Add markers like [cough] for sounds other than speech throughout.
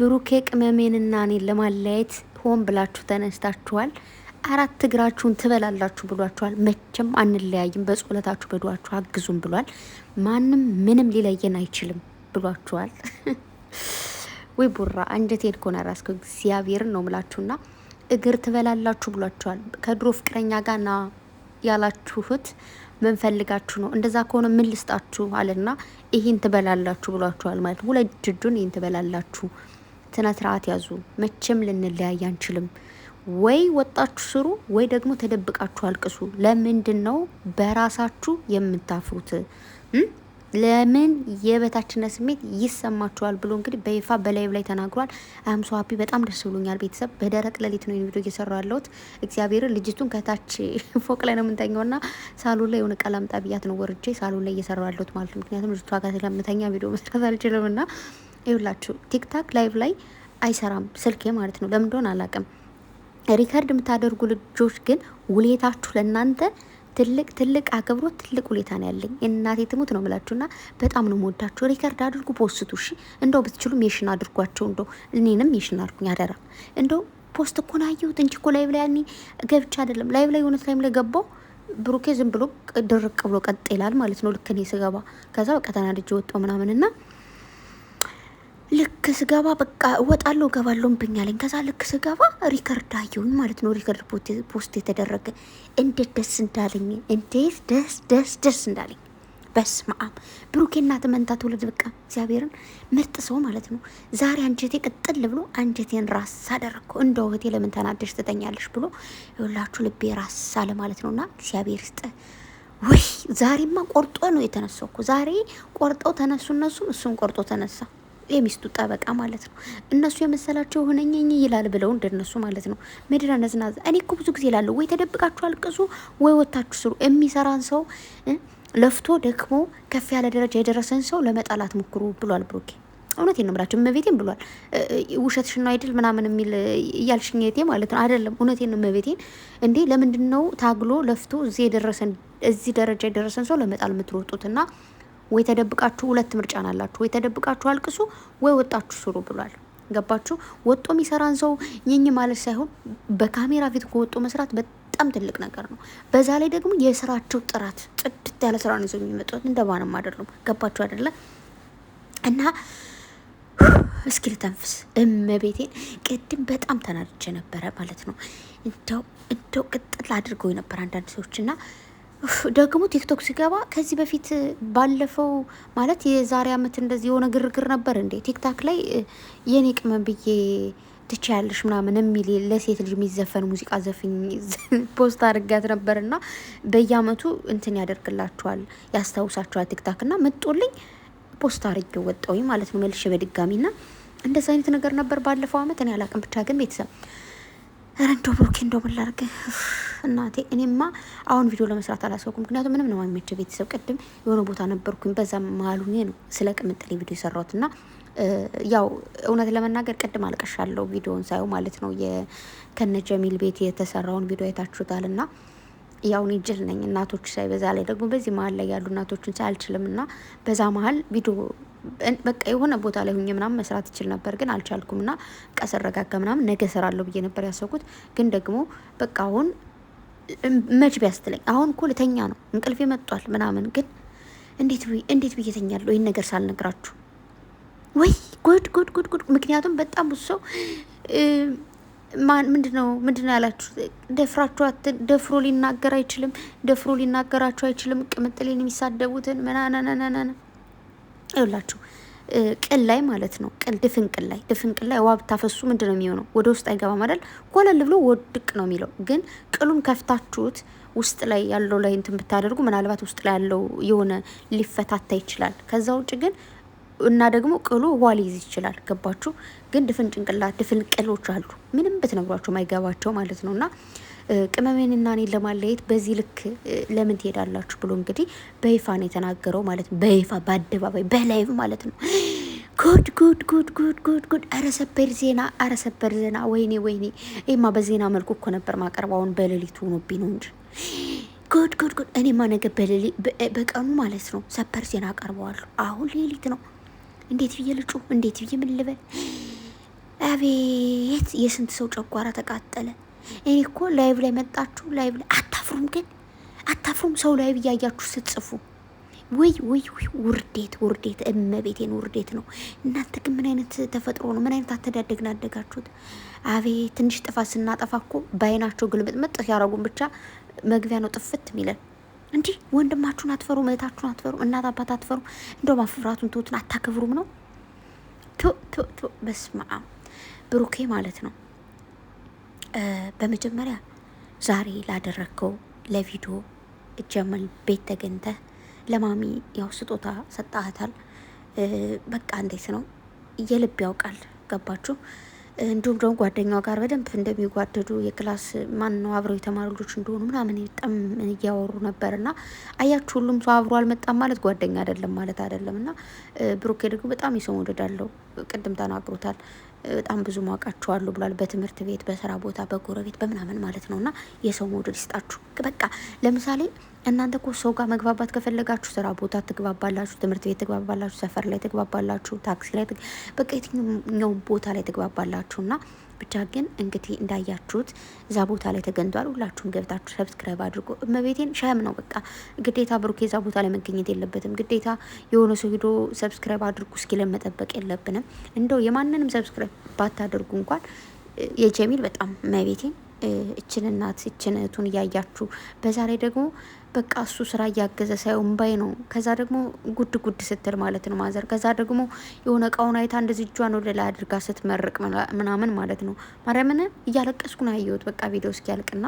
ብሩኬ ቅመሜንና እኔን ለማለያየት ሆን ብላችሁ ተነስታችኋል። አራት እግራችሁን ትበላላችሁ ብሏችኋል። መቼም አንለያይም፣ በጸሎታችሁ በዱዓችሁ አግዙም ብሏል። ማንም ምንም ሊለየን አይችልም ብሏችኋል። ወይ [laughs] ቡራ አንጀቴን ኮነ ራስከው እግዚአብሔርን ነው ምላችሁና እግር ትበላላችሁ ብሏችኋል። ከድሮ ፍቅረኛ ጋር ና ያላችሁት ምንፈልጋችሁ ነው። እንደዛ ከሆነ ምን ልስጣችሁ አለና ይህን ትበላላችሁ ብሏችኋል። ማለት ሁለት እጁን ይህን ትበላላችሁ ስነ ስርዓት ያዙ። መቼም ልንለያይ አንችልም። ወይ ወጣችሁ ስሩ፣ ወይ ደግሞ ተደብቃችሁ አልቅሱ። ለምንድን ነው በራሳችሁ የምታፍሩት? ለምን የበታችነት ስሜት ይሰማችኋል? ብሎ እንግዲህ በይፋ በላይብ ላይ ተናግሯል። አም ሀፒ በጣም ደስ ብሎኛል። ቤተሰብ በደረቅ ሌሊት ነው ቪዲዮ እየሰሩ ያለሁት። እግዚአብሔር ልጅቱን ከታች [laughs] ፎቅ ላይ ነው የምንተኛው ና ሳሎን ላይ የሆነ ቀላምጣ ነው ወርጄ ሳሎን ላይ እየሰራ ያለሁት ማለት ነው። ምክንያቱም ልጅቷ ጋር ስለምተኛ ቪዲዮ መስራት አልችልም ና ይውላችሁ ቲክታክ ላይቭ ላይ አይሰራም ስልኬ ማለት ነው። ለምን እንደሆነ አላውቅም። ሪከርድ የምታደርጉ ልጆች ግን ውሌታችሁ ለእናንተ ትልቅ ትልቅ አክብሮት ትልቅ ሁኔታ ነው ያለኝ። እናቴ ትሙት ነው ምላችሁና በጣም ነው መወዳችሁ። ሪከርድ አድርጉ፣ ፖስቱ። እሺ እንደው ብትችሉ ሜሽን አድርጓቸው። እንደው እኔንም ሜሽን አድርጉኝ አደራ። እንደው ፖስት እኮ ነው ያየሁት እንጂ እኮ ላይቭ ላይ ያኔ ገብቼ አይደለም። ላይቭ ላይ የሆነት ላይም ላይ ገባው ብሩኬ ዝም ብሎ ድርቅ ብሎ ቀጥ ይላል ማለት ነው። ልክ እኔ ስገባ ከዛ በቃ ተናድጄ ወጣው ምናምንና ልክ ስገባ በቃ እወጣለሁ እገባለሁ ብኛለኝ። ከዛ ልክ ስገባ ሪከርድ አየሁኝ ማለት ነው። ሪከርድ ፖስት የተደረገ እንዴት ደስ እንዳለኝ እንዴት ደስ ደስ ደስ እንዳለኝ በስመ አብ ብሩኬና ተመንታ ትውልድ በቃ እግዚአብሔርን ምርጥ ሰው ማለት ነው። ዛሬ አንጀቴ ቅጥል ብሎ አንጀቴን ራስ አደረግኩ። እንደ ውህቴ ለምን ተናደሽ ትተኛለሽ ብሎ ሁላችሁ ልቤ ራስ አለ ማለት ነው። ነውና እግዚአብሔር ይስጥ። ወይ ዛሬማ ቆርጦ ነው የተነሳኩ። ዛሬ ቆርጠው ተነሱ እነሱም እሱም ቆርጦ ተነሳ። የሚስቱ ጠበቃ ማለት ነው። እነሱ የመሰላቸው ሆነኝ ይላል ብለው እንደነሱ ማለት ነው። ምድረ ነዝናዝ። እኔ እኮ ብዙ ጊዜ ላለሁ ወይ ተደብቃችሁ አልቅሱ፣ ወይ ወታችሁ ስሩ። የሚሰራን ሰው ለፍቶ ደክሞ ከፍ ያለ ደረጃ የደረሰን ሰው ለመጣላት ሞክሩ ብሏል ብሩኬ። እውነቴን ነው የምላቸው እመቤቴን ብሏል። ውሸትሽን ነው አይደል ምናምን የሚል እያልሽኝ እህቴ ማለት ነው። አይደለም እውነቴን ነው እመቤቴን። እንዴ ለምንድን ነው ታግሎ ለፍቶ እዚህ የደረሰን እዚህ ደረጃ የደረሰን ሰው ለመጣል የምትሮጡት እና ወይ ተደብቃችሁ፣ ሁለት ምርጫ ናላችሁ። ወይ ተደብቃችሁ አልቅሱ፣ ወይ ወጣችሁ ስሩ ብሏል። ገባችሁ? ወጦ የሚሰራን ሰው ይኝ ማለት ሳይሆን በካሜራ ፊት ከወጡ መስራት በጣም ትልቅ ነገር ነው። በዛ ላይ ደግሞ የስራቸው ጥራት ጥድት ያለ ስራ ነው ይዘው የሚመጡት። እንደማንም አይደሉም። ገባችሁ አይደለ? እና እስኪ ልተንፍስ። እመቤቴን ቅድም በጣም ተናድጄ ነበረ ማለት ነው። እንደው እንደው ቅጥል አድርገው የነበር አንዳንድ ሰዎች እና ደግሞ ቲክቶክ ሲገባ ከዚህ በፊት ባለፈው ማለት የዛሬ አመት እንደዚህ የሆነ ግርግር ነበር እንዴ? ቲክታክ ላይ የኔ ቅመም ብዬ ትቻ ያለሽ ምናምን የሚል ለሴት ልጅ የሚዘፈን ሙዚቃ ዘፍኝ [laughs] ፖስት አድርጋት ነበር እና በየአመቱ እንትን ያደርግላችኋል፣ ያስታውሳችኋል ቲክታክ እና መጦልኝ ፖስት አድርጌ ወጣሁኝ ማለት ነው መልሼ በድጋሚ ና እንደዚ አይነት ነገር ነበር ባለፈው አመት እኔ አላቅም ብቻ ግን ቤተሰብ ኧረ እንደው ብሩኬ እንደው ምን ላድርግ እናቴ። እኔማ አሁን ቪዲዮ ለመስራት አላሰብኩም፣ ምክንያቱም ምንም ነው የማይመቸው ቤተሰብ። ቅድም የሆነ ቦታ ነበርኩኝ፣ በዛ መሀሉ ሆኜ ነው ስለ ቅምጥሌ ቪዲዮ የሰራሁት እና ያው እውነት ለመናገር ቅድም አልቀሻለሁ ቪዲዮውን ሳየው ማለት ነው። ከነ ጀሚል ቤት የተሰራውን ቪዲዮ አይታችሁታል እና ያው እኔ ጅል ነኝ እናቶች ሳይ በዛ ላይ ደግሞ በዚህ መሀል ላይ ያሉ እናቶችን ሳይ አልችልም እና በዛ መሀል ቪዲዮ በቃ የሆነ ቦታ ላይ ሁኜ ምናምን መስራት ይችል ነበር፣ ግን አልቻልኩም እና በቃ ስረጋጋ ምናምን ነገ ስራለሁ ብዬ ነበር ያሰብኩት። ግን ደግሞ በቃ አሁን መች ቢያስትለኝ አሁን እኮ ልተኛ ነው እንቅልፌ መጧል ምናምን፣ ግን እንዴት እንዴት ብዬ ተኛለሁ ይህን ነገር ሳልነግራችሁ ወይ ጉድ ጉድ ጉድ ጉድ። ምክንያቱም በጣም ብዙ ሰው ምንድነው ነው ያላችሁ? ደፍራችሁ ደፍሮ ሊናገር አይችልም፣ ደፍሮ ሊናገራችሁ አይችልም። ቅምጥሌን የሚሳደቡትን ምናናናናና ይላችሁ ቅል ላይ ማለት ነው። ቅል ድፍን ቅል ላይ ድፍን ቅል ላይ ውሃ ብታፈሱ ምንድን ነው የሚሆነው? ወደ ውስጥ አይገባም አይደል? ጎለል ብሎ ወድቅ ነው የሚለው። ግን ቅሉን ከፍታችሁት ውስጥ ላይ ያለው ላይ እንትን ብታደርጉ ምናልባት ውስጥ ላይ ያለው የሆነ ሊፈታታ ይችላል። ከዛ ውጭ ግን እና ደግሞ ቅሎ ዋል ይዝ ይችላል። ገባችሁ? ግን ድፍን ጭንቅላት ድፍን ቅሎች አሉ። ምንም ብትነግሯቸው ማይገባቸው ማለት ነው እና ቅመሜን እኔን ለማለየት በዚህ ልክ ለምን ትሄዳላችሁ ብሎ እንግዲህ በይፋ ነው የተናገረው ማለት ነው። በይፋ በአደባባይ በላይቭ ማለት ነው። ጉድ ጉድ ጉድ ጉድ ጉድ ጉድ! ኧረ ሰበር ዜና! ኧረ ሰበር ዜና! ወይኔ ወይኔ! ይማ በዜና መልኩ እኮ ነበር ማቀርብ። አሁን በሌሊቱ ሆኖብኝ ነው እንጂ ጉድ ጉድ ጉድ! እኔማ ነገ በቀኑ ማለት ነው ሰበር ዜና አቀርበዋለሁ። አሁን ሌሊት ነው። እንዴት ብዬ ልጩ? እንዴት ብዬ ምን ልበል? አቤት የስንት ሰው ጨጓራ ተቃጠለ። እኔ እኮ ላይቭ ላይ መጣችሁ፣ ላይቭ ላይ አታፍሩም? ግን አታፍሩም? ሰው ላይቭ እያያችሁ ስትጽፉ ውይ ውይ ውይ! ውርዴት ውርዴት! እመቤቴን ውርዴት ነው። እናንተ ግን ምን አይነት ተፈጥሮ ነው? ምን አይነት አተዳደግን አደጋችሁት? አቤት ትንሽ ጥፋት ስናጠፋ እኮ በአይናቸው ግልምጥምጥ ያረጉን ብቻ መግቢያ ነው ጥፍት ሚለን። እንዲህ ወንድማችሁን አትፈሩ፣ እህታችሁን አትፈሩ፣ እናት አባት አትፈሩ። እንደው ማፍራቱን ትሁትን አታከብሩም ነው ቶ በስማ ብሩኬ ማለት ነው። በመጀመሪያ ዛሬ ላደረግከው ለቪዲዮ እጀመል ቤት ተገኝተህ ለማሚ ያው ስጦታ ሰጣህታል። በቃ እንዴት ነው የልብ ያውቃል። ገባችሁ? እንዲሁም ደግሞ ጓደኛው ጋር በደንብ እንደሚጓደዱ የክላስ ማን ነው አብረው የተማሩ ልጆች እንደሆኑ ምናምን በጣም እያወሩ ነበር። እና አያችሁ ሁሉም ሰው አብሮ አልመጣም ማለት ጓደኛ አይደለም ማለት አይደለም። እና ብሩኬ ደግሞ በጣም የሰው ወደድ አለው፣ ቅድም ተናግሮታል። በጣም ብዙ ማውቃቸዋለሁ ብሏል። በትምህርት ቤት፣ በስራ ቦታ፣ በጎረቤት፣ በምናምን ማለት ነው። እና የሰው መውደድ ይስጣችሁ። በቃ ለምሳሌ እናንተ እኮ ሰው ጋር መግባባት ከፈለጋችሁ ስራ ቦታ ትግባባላችሁ፣ ትምህርት ቤት ትግባባላችሁ፣ ሰፈር ላይ ትግባባላችሁ፣ ታክሲ ላይ በቃ የትኛውም ቦታ ላይ ትግባባላችሁ። እና ብቻ ግን እንግዲህ እንዳያችሁት እዛ ቦታ ላይ ተገኝቷል። ሁላችሁም ገብታችሁ ሰብስክራይብ አድርጎ እመቤቴን ሸም ነው በቃ ግዴታ ብሩኬ እዛ ቦታ ላይ መገኘት የለበትም። ግዴታ የሆነ ሰው ሂዶ ሰብስክራይብ አድርጉ እስኪለን መጠበቅ የለብንም። እንደው የማንንም ሰብስክራይብ ባታደርጉ እንኳን የጀሚል በጣም እመቤቴን እችን እናት እችን እህቱን እያያችሁ በዛ ላይ ደግሞ በቃ እሱ ስራ እያገዘ ሳይሆን ባይ ነው። ከዛ ደግሞ ጉድ ጉድ ስትል ማለት ነው ማዘር። ከዛ ደግሞ የሆነ እቃውን አይታ እንደዚህ እጇን ወደ ላይ አድርጋ ስትመርቅ ምናምን ማለት ነው። ማርያምን እያለቀስኩ ነው ያየሁት። በቃ ቪዲዮ እስኪያልቅና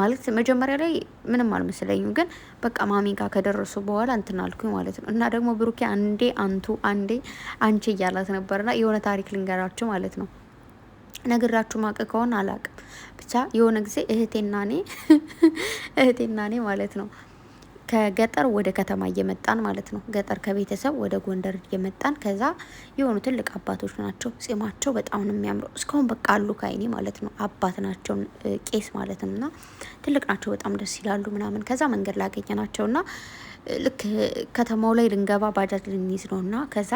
ማለት መጀመሪያ ላይ ምንም አልመሰለኝም፣ ግን በቃ ማሚ ጋር ከደረሱ በኋላ እንትን አልኩኝ ማለት ነው። እና ደግሞ ብሩኬ አንዴ አንቱ አንዴ አንቺ እያላት ነበርና የሆነ ታሪክ ልንገራችሁ ማለት ነው። ነግራችሁ ማቅ ከሆን አላቅ ብቻ የሆነ ጊዜ እህቴና እኔ [laughs] እህቴና እኔ ማለት ነው ከገጠር ወደ ከተማ እየመጣን ማለት ነው። ገጠር ከቤተሰብ ወደ ጎንደር እየመጣን ከዛ የሆኑ ትልቅ አባቶች ናቸው። ጺማቸው በጣም ነው የሚያምረው። እስካሁን በቃ አሉ ከአይኔ ማለት ነው። አባት ናቸው፣ ቄስ ማለት ነው። እና ትልቅ ናቸው፣ በጣም ደስ ይላሉ ምናምን። ከዛ መንገድ ላገኘ ናቸው እና ልክ ከተማው ላይ ልንገባ ባጃጅ ልንይዝ ነው እና ከዛ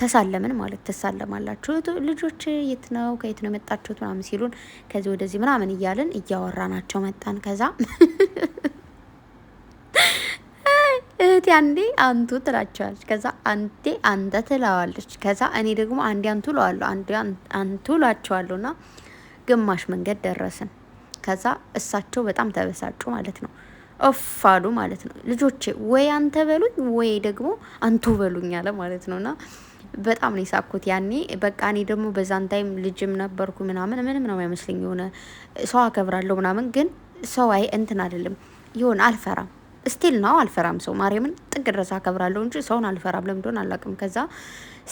ተሳለምን ማለት ተሳለማላችሁ። ልጆች የት ነው ከየት ነው የመጣችሁት ምናምን ሲሉን ከዚህ ወደዚህ ምናምን እያልን እያወራናቸው መጣን። ከዛ [laughs] እህቴ አንዴ አንቱ ትላቸዋለች። ከዛ አንዴ አንተ ትለዋለች። ከዛ እኔ ደግሞ አንዴ አንቱ እለዋለሁ፣ አንዴ አንቱ እላቸዋለሁ። እና ግማሽ መንገድ ደረስን። ከዛ እሳቸው በጣም ተበሳጩ ማለት ነው። እፋሉ ማለት ነው ልጆቼ። ወይ አንተ በሉኝ ወይ ደግሞ አንቱ በሉኝ አለ ማለት ነውና በጣም ነው የሳቅኩት ያኔ። በቃ እኔ ደግሞ በዛን ታይም ልጅም ነበርኩ ምናምን ምንም ነው አይመስለኝ። የሆነ ሰው አከብራለሁ ምናምን፣ ግን ሰው አይ እንትን አይደለም ይሆን አልፈራም ስቲል ነው አልፈራም። ሰው ማርያምን ጥግ ድረስ አከብራለሁ እንጂ ሰውን አልፈራም። ለምንደሆን አላውቅም። ከዛ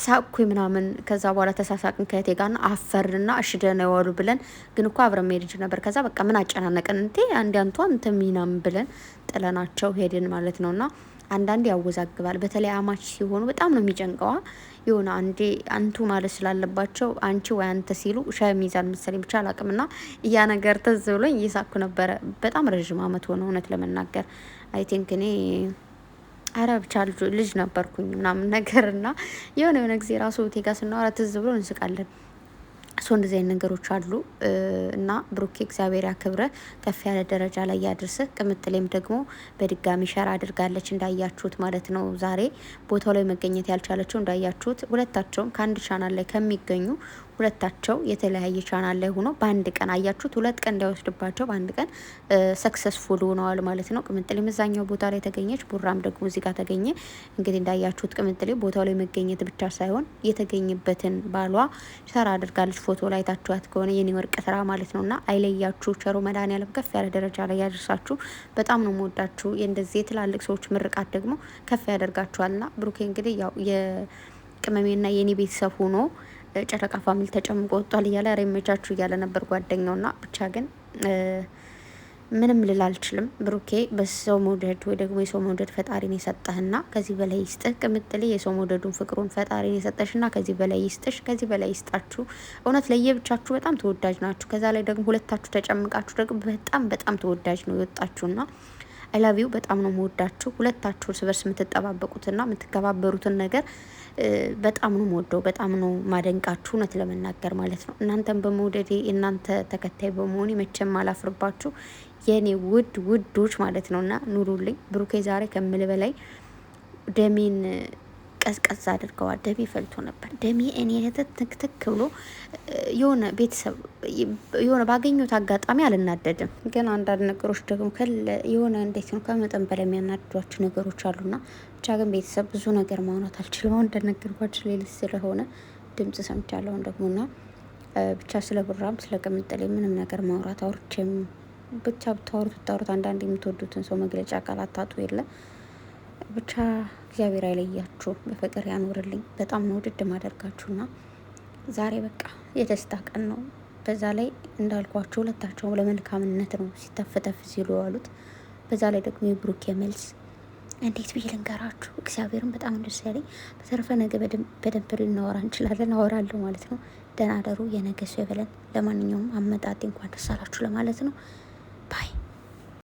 ሳኩ ምናምን። ከዛ በኋላ ተሳሳቅን ከእቴ ጋር አፈርና እሺ ደህና ይዋሉ ብለን ግን እኮ አብረን መሄድ እንችል ነበር። ከዛ በቃ ምን አጨናነቀን እንቴ አንድ አንቷ እንትን ሚናም ብለን ጥለናቸው ሄድን ማለት ነውና አንዳንድ ያወዛግባል። በተለይ አማች ሲሆኑ በጣም ነው የሚጨንቀዋ። የሆነ አንዴ አንቱ ማለት ስላለባቸው አንቺ ወይ አንተ ሲሉ ሸሚዛን መሰለኝ ብቻ አላቅምና እያ ነገር ተዝ ብሎኝ እየሳኩ ነበረ። በጣም ረዥም አመት ሆነ እውነት ለመናገር አይ ቲንክ እኔ አረ ብቻ ልጅ ነበርኩኝ ምናምን ነገር እና የሆነ የሆነ ጊዜ ራሱ ቴጋ ስናወራ ትዝ ብሎ እንስቃለን። ሶ እንደዚህ አይነት ነገሮች አሉ እና ብሩኬ እግዚአብሔር ያክብረ ከፍ ያለ ደረጃ ላይ ያድርስ። ቅምጥሌም ደግሞ በድጋሚ ሸራ አድርጋለች እንዳያችሁት ማለት ነው። ዛሬ ቦታው ላይ መገኘት ያልቻለችው እንዳያችሁት ሁለታቸውም ከአንድ ቻናል ላይ ከሚገኙ ሁለታቸው የተለያየ ቻናል ላይ ሆኖ በአንድ ቀን አያችሁት፣ ሁለት ቀን እንዳይወስድባቸው በአንድ ቀን ሰክሰስፉል ሆነዋል ማለት ነው። ቅምጥሌ እዛኛው ቦታ ላይ ተገኘች፣ ቡራም ደግሞ እዚህ ጋር ተገኘ። እንግዲህ እንዳያችሁት ቅምጥሌ ቦታው ላይ መገኘት ብቻ ሳይሆን የተገኘበትን ባሏ ሰራ አድርጋለች። ፎቶ ላይ ታችኋት ከሆነ የኔ ወርቅ ስራ ማለት ነው። እና አይለያችሁ፣ ቸሮ መድኃኒዓለም ከፍ ያለ ደረጃ ላይ ያደርሳችሁ። በጣም ነው የምወዳችሁ። የእንደዚህ የትላልቅ ሰዎች ምርቃት ደግሞ ከፍ ያደርጋችኋል። ና ብሩኬ እንግዲህ ያው የቅመሜና የኔ ቤተሰብ ሆኖ ጨረቃ ፋሚል ተጨምቆ ወጥቷል እያለ ሬሜቻችሁ እያለ ነበር ጓደኛውና ብቻ ግን ምንም ልል አልችልም። ብሩኬ በሰው መውደድ ወይ ደግሞ የሰው መውደድ ፈጣሪን የሰጠህና ከዚህ በላይ ይስጥህ። ቅምጥሌ የሰው መውደዱን ፍቅሩን ፈጣሪን የሰጠሽና ከዚህ በላይ ይስጥሽ፣ ከዚህ በላይ ይስጣችሁ። እውነት ለየብቻችሁ በጣም ተወዳጅ ናችሁ። ከዛ ላይ ደግሞ ሁለታችሁ ተጨምቃችሁ ደግሞ በጣም በጣም ተወዳጅ ነው የወጣችሁና አይላቪው በጣም ነው መወዳችሁ። ሁለታችሁ እርስ በርስ የምትጠባበቁትና የምትከባበሩትን ነገር በጣም ነው መወደው፣ በጣም ነው ማደንቃችሁ፣ እውነት ለመናገር ማለት ነው። እናንተን በመውደዴ እናንተ ተከታይ በመሆኔ መቼም አላፍርባችሁ የእኔ ውድ ውዶች ማለት ነው። እና ኑሩልኝ። ብሩኬ ዛሬ ከምል በላይ ደሜን ቀዝቀዝ አድርገዋል። ደሜ ፈልቶ ነበር። ደሜ እኔ ትክትክ ብሎ የሆነ ቤተሰብ የሆነ ባገኘሁት አጋጣሚ አልናደድም፣ ግን አንዳንድ ነገሮች ደግሞ የሆነ እንዴት ነው ከመጠን በላይ የሚያናድዷቸው ነገሮች አሉና ብቻ ግን ቤተሰብ ብዙ ነገር ማውናት አልችልም። አሁን እንደነገርኳችሁ ሌሊት ስለሆነ ድምጽ ሰምቻለሁ ደግሞና ብቻ ስለ ብራም ስለ ቅምጥሌ ምንም ነገር ማውራት አውርቼም ብቻ ብታወሩት ብታወሩት አንዳንድ የምትወዱትን ሰው መግለጫ ቃል አታጡ የለ ብቻ እግዚአብሔር አይለያችሁ፣ በፍቅር ያኖርልኝ። በጣም ነው ውድድ ማደርጋችሁና ዛሬ በቃ የደስታ ቀን ነው። በዛ ላይ እንዳልኳቸው ሁለታቸውም ለመልካምነት ነው ሲተፍተፍ ሲሉ ያሉት። በዛ ላይ ደግሞ የብሩክ የመልስ እንዴት ብዬ ልንገራችሁ፣ እግዚአብሔርን በጣም ደስ ያለኝ። በተረፈ ነገ በደንብ ልናወራ እንችላለን፣ አወራለሁ ማለት ነው። ደህና ደሩ፣ የነገ ሰው ይበለን። ለማንኛውም አመጣጤ እንኳን ደስ አላችሁ ለማለት ነው ባይ